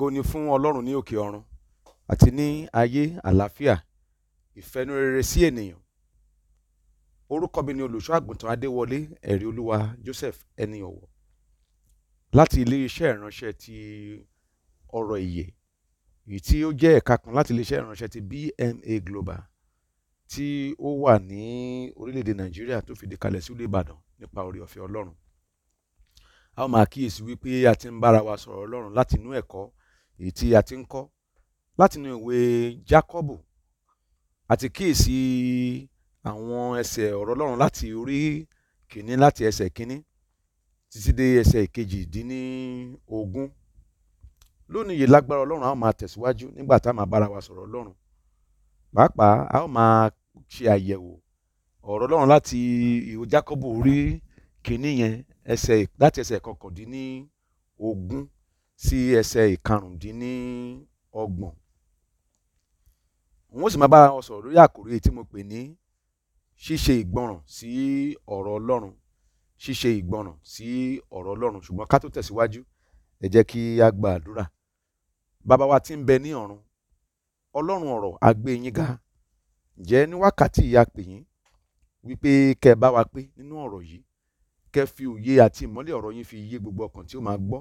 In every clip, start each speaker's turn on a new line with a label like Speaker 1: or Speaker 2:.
Speaker 1: ògo ni fún ọlọ́run ní òkè ọ̀run àti ní ayé àlàáfíà ìfẹnurere sí ènìyàn orúkọ mi ni olùṣọ́ àgùntàn adéwọlé ẹ̀rí olúwa joseph ẹni ọ̀wọ̀ láti iléeṣẹ́ ìránṣẹ́ ti ọ̀rọ̀ ìyè èyí tí ó jẹ́ ẹ̀ka kan láti iléeṣẹ́ ìránṣẹ́ ti BMA Global tí ó wà ní orílẹ̀-èdè nàìjíríà tó fìdí kalẹ̀ sí ìlú ìbàdàn nípa oore ọ̀fẹ́ ọlọ́run a máa kíyèsí wípé a ti ń bára wa sọ̀rọ̀ ọlọ́run láti ẹ̀kọ́
Speaker 2: èyí tí a ti ń
Speaker 1: kọ́ látinú ìwé Jákọ́bù àti kíyèsí àwọn ẹsẹ̀ ọ̀rọ̀ Ọlọ́run láti orí kìíní láti ẹsẹ̀ kìíní títí dé ẹsẹ̀ kejì dín ní ogún lónìí yìí lágbára Ọlọ́run a ó máa tẹ̀síwájú nígbà tá a máa bára wa sọ̀rọ̀ Ọlọ́run pàápàá a ó máa ṣe àyẹ̀wò ọ̀rọ̀ Ọlọ́run láti ìwé Jákọ́bù orí kìíní yẹn ẹsẹ̀ láti ẹsẹ̀ kọkàndínní ogún sí ẹsẹ̀ ìkarùndínlọ́gbọ̀n wọ́n sì máa bá wọn sọ̀rọ̀ lórí àkòrí tí mo pè ní ṣíṣe ìgbọràn sí ọ̀rọ̀ Ọlọ́run ṣíṣe ìgbọràn sí ọ̀rọ̀ Ọlọ́run ṣùgbọ́n ká tó tẹ̀síwájú ẹ jẹ́ kí a gba àdúrà bàbá wa tí ń bẹ ní ọ̀run Ọlọ́run ọ̀rọ̀ a gbé yín ga ǹjẹ́ ní wákàtí ìyá pè yín wípé kẹ́ bá wa pé nínú ọ̀rọ̀ yìí kẹ́ fi òye àti ìmọ́lẹ̀ ọ̀rọ̀ yín fi yé gbogbo ọkàn tí ó máa gbọ́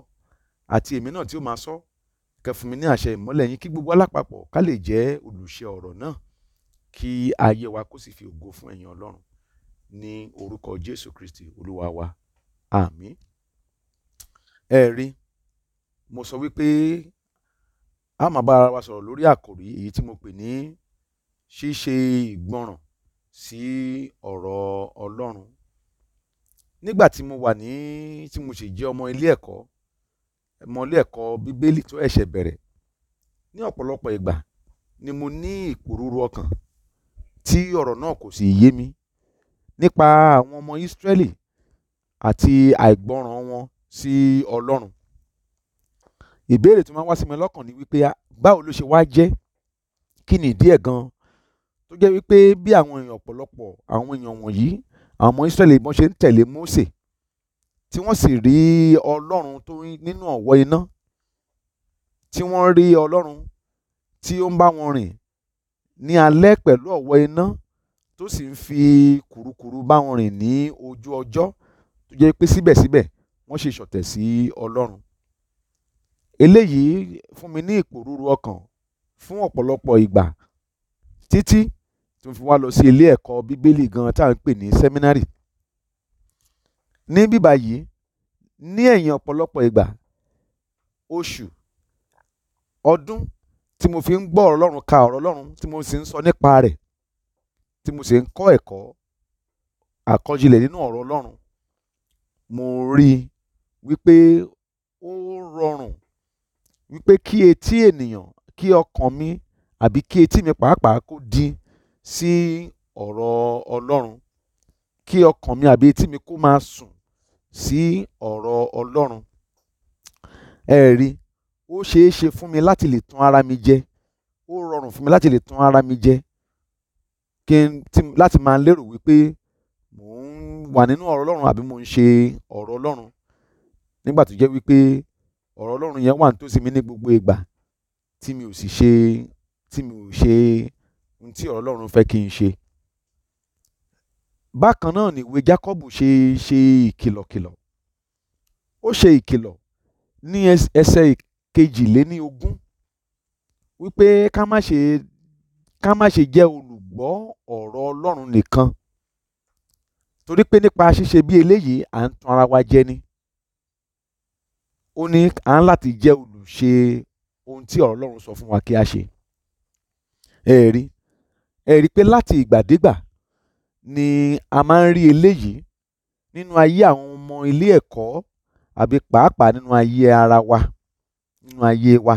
Speaker 1: àti èmi náà tí ó máa sọ kẹ́ fún mi ní àṣẹ ìmọ́lẹ̀ yín kí gbogbo alápapọ̀ ká lè jẹ́ olùṣe ọ̀rọ̀ náà kí ayé wa kó sì fi ògo fún ẹ̀yin ọlọ́run ní orúkọ jésù kristi olúwa wa àmín ẹ rí mo sọ wípé a máa bá ara wa sọ̀rọ̀ lórí àkòrí èyí tí mo pè ní ṣíṣe ìgbọràn sí ọ̀rọ̀ ọlọ́run nígbà tí mo wà ní tí mo sì jẹ́ ọmọ ilé ẹ̀kọ́ mọlé ẹ̀kọ́ bíbélì tó ẹ̀ṣẹ̀ bẹ̀rẹ̀ ní ọ̀pọ̀lọpọ̀ ìgbà ni mo ní ìpòrúru ọkàn tí ọ̀rọ̀ náà kò sì yé mi nípa àwọn ọmọ Ísírẹ́lì àti àìgbọràn wọn sí Ọlọ́run ìbéèrè tó máa ń wá sí mi lọ́kàn ni wípé báwo ló ṣe wá jẹ́ kí ni ìdí ẹ̀ gan-an tó jẹ́ wípé bí àwọn èèyàn ọ̀pọ̀lọpọ̀ àwọn èèyàn wọ̀nyí àwọn ọmọ Ísírẹ́lì bọ́n ṣe ń tẹ̀lé Mósè tí wọ́n sì rí ọlọ́run tó nínú ọ̀wọ́ iná tí wọ́n rí ọlọ́run tí ó ń bá wọn rìn ní alẹ́ pẹ̀lú ọ̀wọ́ iná tó sì ń fi kùrukùru bá wọn rìn ní ojú ọjọ́ tó jẹ́ pé síbẹ̀síbẹ̀ wọ́n ṣe ṣọ̀tẹ̀ sí ọlọ́run eléyìí fún mi ní ìpòrúru ọkàn fún ọ̀pọ̀lọpọ̀ ìgbà títí tó fi wá lọ sí ilé ẹ̀kọ́ bíbélì gan tá à ń pè ní sẹ́mínárì ní bí báyìí ní ẹ̀yìn ọ̀pọ̀lọpọ̀ ìgbà oṣù ọdún tí mo fi ń gbọ́ ọ̀rọ̀ Ọlọ́run ka ọ̀rọ̀ Ọlọ́run tí mo sì ń sọ nípa rẹ̀ tí mo sì ń kọ́ ẹ̀kọ́ àkọ́jilẹ̀ nínú ọ̀rọ̀ Ọlọ́run mo rí i wípé ó rọrùn wípé kí etí ènìyàn kí ọkàn mi àbí kí etí mi pàápàá kó di sí ọ̀rọ̀ Ọlọ́run kí ọkàn mi àbí etí mi kó máa sùn sí ọ̀rọ̀ Ọlọ́run ẹ rí ó ṣeé ṣe fún mi láti lè tàn ara mi jẹ ó rọrùn fún mi láti lè tàn ara mi jẹ kí n láti máa lérò wípé mò ń wà nínú ọ̀rọ̀ Ọlọ́run àbí mò ń ṣe ọ̀rọ̀ Ọlọ́run nígbà tó jẹ́ wípé ọ̀rọ̀ Ọlọ́run yẹn wà nítòsí mi ní gbogbo ìgbà tí mi ò sì ṣe tí mi ò ṣe ohun tí ọ̀rọ̀ Ọlọ́run fẹ́ kí n ṣe bákan náà nìwé Jákọ́bù ṣe ṣe ìkìlọ̀kìlọ̀ ó ṣe ìkìlọ̀ ní ẹsẹ̀ kejìléní ogún wípé ká má ṣe ká má ṣe jẹ́ olùgbọ́ ọ̀rọ̀ Ọlọ́run nìkan torí pé nípa ṣíṣe bí eléyìí à ń tan ara wa jẹ ni ó ní à ń láti jẹ́ olùṣe ohun tí ọ̀rọ̀ Ọlọ́run sọ fún wa kí a ṣe ẹ̀rí ẹ̀rí pé láti ìgbàdégbà ni a máa ń rí eléyìí nínú ayé àwọn ọmọ ilé ẹ̀kọ́ àbí pàápàá nínú ayé ara wa nínú ayé wa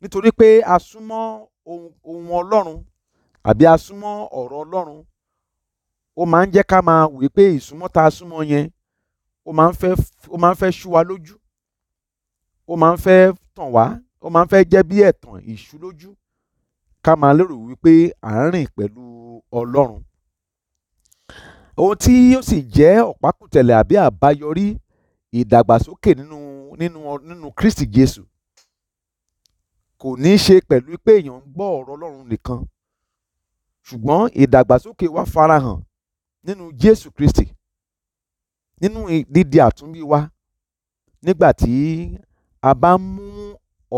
Speaker 1: nítorí pé a súnmọ́ ohun Ọlọ́run àbí a súnmọ́ ọ̀rọ̀ Ọlọ́run ó máa ń jẹ́ ká máa wí pé ìsúnmọ́ tá a súnmọ́ yẹn ó máa ń ó máa ń fẹ́ ṣú wa lójú ó máa ń fẹ́ tàn wá ó máa ń fẹ́ jẹ́ bí ẹ̀tàn ìṣú lójú ká máa lérò wípé à ń rìn pẹ̀lú Ọlọ́run ohun tí yóò sì jẹ́ ọ̀pákùtẹ̀lẹ̀ àbí àbáyọrí ìdàgbàsókè nínú nínú nínú Kristi Jésù kò ní í ṣe pẹ̀lú pé èèyàn ń gbọ́ ọ̀rọ̀ Ọlọ́run nìkan ṣùgbọ́n ìdàgbàsókè wa farahàn nínú Jésù Kristi nínú dídi àtúnbí wa nígbà tí a bá ń mú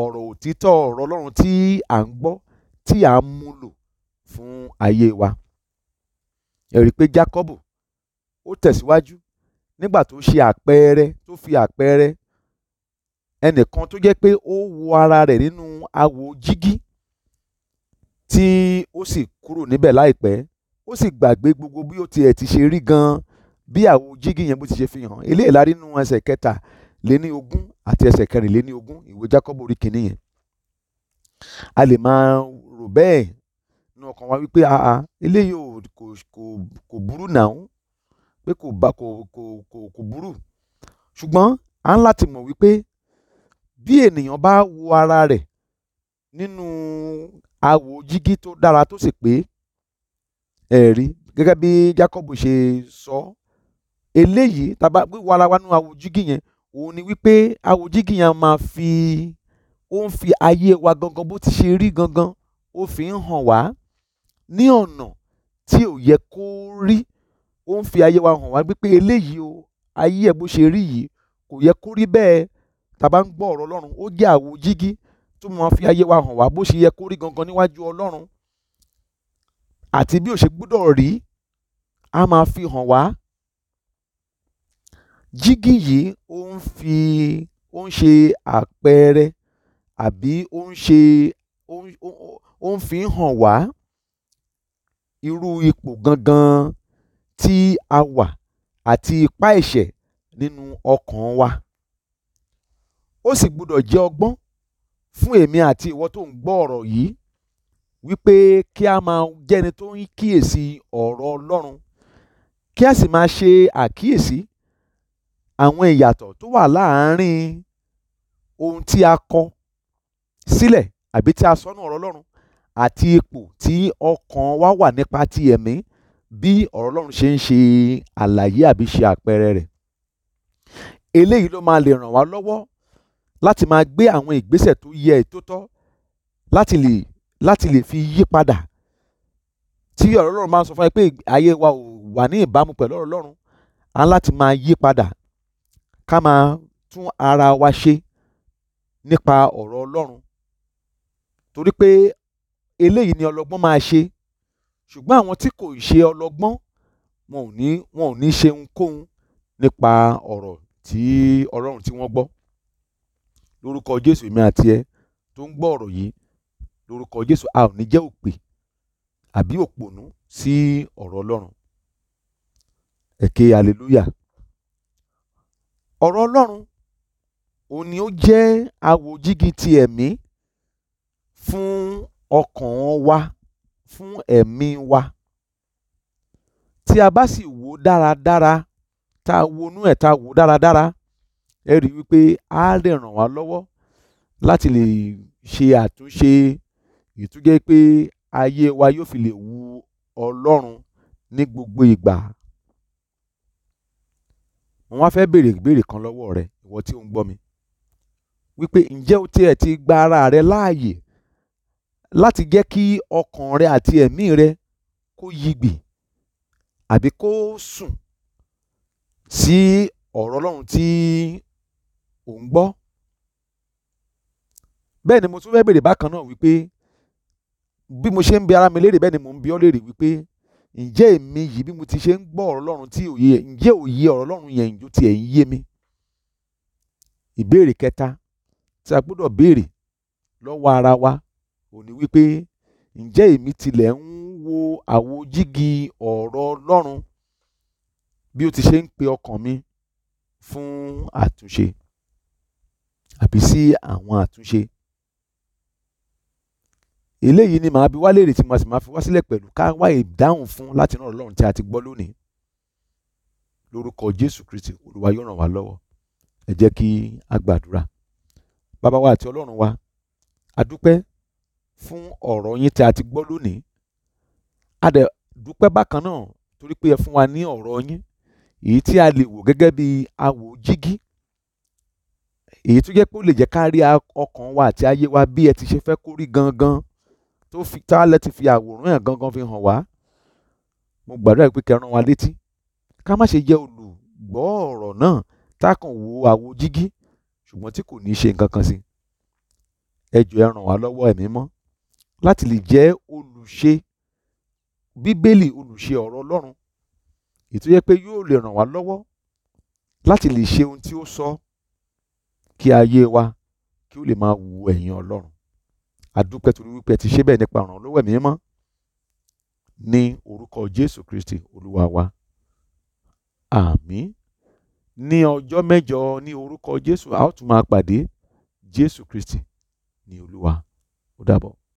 Speaker 1: ọ̀rọ̀ òtítọ́ ọ̀rọ̀ Ọlọ́run tí à ń gbọ́ tí à ń múlò fún ayé wa ẹ rí i pé Jákọ́bù ó tẹ̀síwájú nígbà tó ṣe àpẹẹrẹ tó fi àpẹẹrẹ ẹnìkan tó jẹ́ pé ó wo ara rẹ̀ nínú awò jígí tí ó sì kúrò níbẹ̀ láìpẹ́ ó sì gbàgbé gbogbo bí ó tiẹ̀ ti ṣe rí gan-an bí àwo jígí yẹn bó ti ṣe fi hàn eléyìí la rí nínú ẹsẹ̀ kẹta lé ní ogún àti ẹsẹ̀ kẹrin lé ní ogún ìwé Jákọ́bù orí kìíní yẹn a lè máa rò bẹ́ẹ̀ nínú ọkàn wa wípé eléyìí kò burú nàún pé kò bá kò kò kò kò burú ṣùgbọ́n a ń láti mọ̀ wípé bí ènìyàn bá wo ara rẹ̀ nínú awò jígí tó dára tó sì pé ẹ̀rí gẹ́gẹ́ bí Jacob ṣe sọ eléyìí tàbá wíwo ara wa nínú awò jígí yẹn òun ni wípé awò jígí yẹn máa fi ó ń fi ayé wa gangan bó ti ṣe rí gangan ó fi ń hàn wá ní ọ̀nà tí ò yẹ kó rí ó ń fi ayé wa hàn wá pé eléyìí o ayé ẹ̀ bó ṣe rí yìí kò yẹ kó rí bẹ́ẹ̀ tá a bá ń gbọ́ ọ̀rọ̀ ọlọ́run ó jẹ́ àwo jígí tó máa fi ayé wa hàn wá bó ṣe yẹ kó rí gangan níwájú ọlọ́run àti bí ó ṣe gbọ́dọ̀ rí a máa fi hàn wá jígí yìí ó ń fi ó ń ṣe àpẹẹrẹ àbí ó ń ṣe ó ń fi hàn wá irú ipò gangan tí a wà àti ipá ẹ̀ṣẹ̀ nínú ọkàn wa ó sì gbúdọ̀ jẹ́ ọgbọ́n fún èmi àti ìwọ tó ń gbọ́ ọ̀rọ̀ yìí wípé kí a máa jẹ́ni tó ń kíyèsí ọ̀rọ̀ Ọlọ́run kí a sì máa ṣe àkíyèsí àwọn ìyàtọ̀ tó wà láàárín ohun tí a kọ sílẹ̀ àbí tí a sọ ọ̀rọ̀ Ọlọ́run àti ipò tí ọkàn wa wà nípa ti ẹ̀mí bí ọ̀rọ̀ ọlọ́run ṣe ń ṣe àlàyé àbí ṣe àpẹẹrẹ rẹ̀ eléyìí ló máa lè ràn wá lọ́wọ́ láti máa gbé àwọn ìgbésẹ̀ tó yẹ tó tọ́ láti lè láti lè fi yí padà tí ọ̀rọ̀ ọlọ́run máa sọ fún ẹ pé ayé wa ò wà ní ìbámu pẹ̀lú ọ̀rọ̀ ọlọ́run á láti máa yí padà ká máa tún ara wa ṣe nípa ọ̀rọ̀ ọlọ́run torí pé eléyìí ni ọlọ́gbọ́n máa ṣe ṣùgbọ́n àwọn tí kò ṣe ọlọ́gbọ́n wọn ò ní wọn ò ní ṣe ohunkóhun nípa ọ̀rọ̀ tí ọlọ́run tí wọ́n gbọ́ lórúkọ jésù èmi àti ẹ tó ń gbọ́ ọ̀rọ̀ yìí lórúkọ jésù a ò ní jẹ́ òpè àbí òpònú sí ọ̀rọ̀ ọlọ́run ẹ̀kẹ́ hallelujah ọ̀rọ̀ ọlọ́run òun ni ó jẹ́ àwòjígi ti ẹ̀mí fún ọkàn wa fún ẹ̀mí wa tí a bá sì wò dáradára tá a wonú ẹ̀ tá a wò dáradára ẹ rí i wípé á lè ràn wá lọ́wọ́ láti lè ṣe àtúnṣe ìtújẹ́ pé ayé wa yóò fi lè wu Ọlọ́run ní gbogbo ìgbà wọ́n á fẹ́ béèrè ìbéèrè kan lọ́wọ́ rẹ ìwọ tí ò ń gbọ́ mi wípé ǹjẹ́ o tiẹ̀ ti gba ara rẹ láàyè láti jẹ́ kí ọkàn rẹ àti ẹ̀mí rẹ kó yigbì àbí kó sùn sí ọ̀rọ̀ ọlọ́run tí ò ń gbọ́ bẹ́ẹ̀ ni mo tún fẹ́ béèrè bákan náà wípé bí mo ṣe ń bi ara mi léèrè bẹ́ẹ̀ ni mo ń bi ọ́ léèrè wípé ǹjẹ́ èmi yìí bí mo ti ṣe ń gbọ́ ọ̀rọ̀ ọlọ́run tí òye ǹjẹ́ òye ọ̀rọ̀ ọlọ́run yẹn ìjó tiẹ̀ ń yé mi ìbéèrè kẹta tí a gbọ́dọ̀ béèrè lọ́wọ́ ara wa ò ní wípé ǹjẹ́ èmi tilẹ̀ ń wo àwo ọ̀rọ̀ Ọlọ́run bí ó ti ṣe ń pe ọkàn mi fún àtúnṣe àbí sí àwọn àtúnṣe eléyìí ni màá bi wá léèrè tí màá sì máa fi wá sílẹ̀ pẹ̀lú ká wá ìdáhùn fún láti náà Ọlọ́run tí a ti gbọ́ lónìí lórúkọ Jésù Kristi Olúwa yóò ràn wá lọ́wọ́ ẹ jẹ́ kí a gbàdúrà bàbá wa àti Ọlọ́run wa a fún ọ̀rọ̀ yín tí a ti gbọ́ lónìí a dẹ̀ dúpẹ́ bákan náà torí pé ẹ fún wa ní ọ̀rọ̀ yín èyí tí a lè wò gẹ́gẹ́ bí awò jígí èyí tó jẹ́ pé ó lè jẹ́ ká rí ọkàn wa àti ayé wa bí ẹ ti ṣe fẹ́ kó rí gangan tó fi tálẹ̀ ti fi àwòrán ẹ̀ gangan fi hàn wá mo gbàdúrà pé kẹ́ rán wa létí ká má ṣe jẹ́ olùgbọ́ ọ̀rọ̀ náà tá wo àwo jígí ṣùgbọ́n tí kò ní ṣe nǹkan kan sí ẹ jọ̀ọ́ ẹ ràn wá lọ́wọ́ ẹ̀mí mọ́ láti lè jẹ́ olùṣe bíbélì olùṣe ọ̀rọ̀ ọlọ́run ètò yẹ pé yóò lè ràn wá lọ́wọ́ láti lè ṣe ohun tí ó sọ kí ayé wa kí ó lè máa wu ẹ̀yìn ọlọ́run àdúpẹ́ torí wípé ẹ ti ṣe bẹ́ẹ̀ nípa ìrànlọ́wọ́ ẹ̀mí mímọ́ ní orúkọ jésù kristi olúwa wa àmín ní ọjọ́ mẹ́jọ ní orúkọ jésù a ó tún máa pàdé jésù kristi ní olúwa ó dàbọ̀.